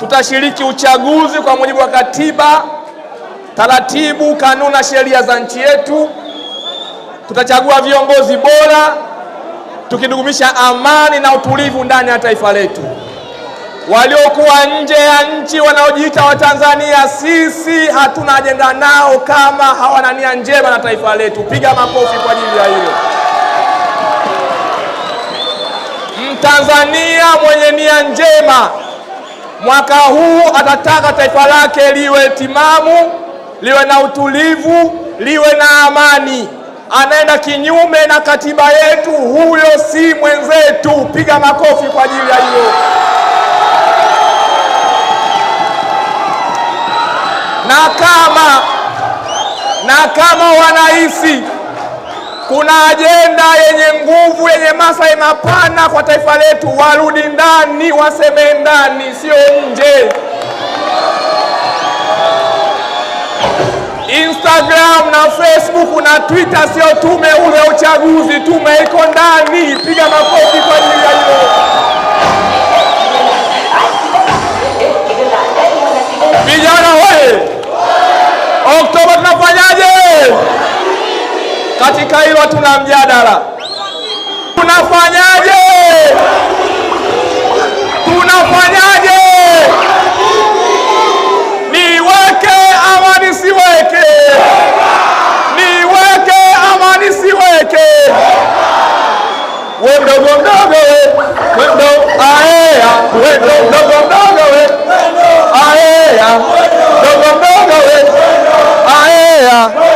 tutashiriki uchaguzi kwa mujibu wa katiba, taratibu, kanuni na sheria za nchi yetu. Tutachagua viongozi bora, tukidumisha amani na utulivu ndani ya taifa letu. Waliokuwa nje ya nchi wanaojiita Watanzania, sisi hatuna ajenda nao kama hawana nia njema na taifa letu. Piga makofi kwa ajili ya hilo. Mtanzania mwenye nia njema Mwaka huu atataka taifa lake liwe timamu, liwe na utulivu, liwe na amani. Anaenda kinyume na katiba yetu, huyo si mwenzetu. Piga makofi kwa ajili ya hiyo. Na kama na kama wanahisi kuna ajenda yenye nguvu yenye maslahi mapana kwa taifa letu, warudi ndani, waseme ndani, sio nje. Instagram na Facebook na Twitter sio tume, ule uchaguzi, tume iko ndani. Piga makofi. Katika hilo tuna mjadala, tunafanyaje? Tunafanyaje? Niweke ama nisiweke? Niweke ama nisiweke? We mdogo mdogo we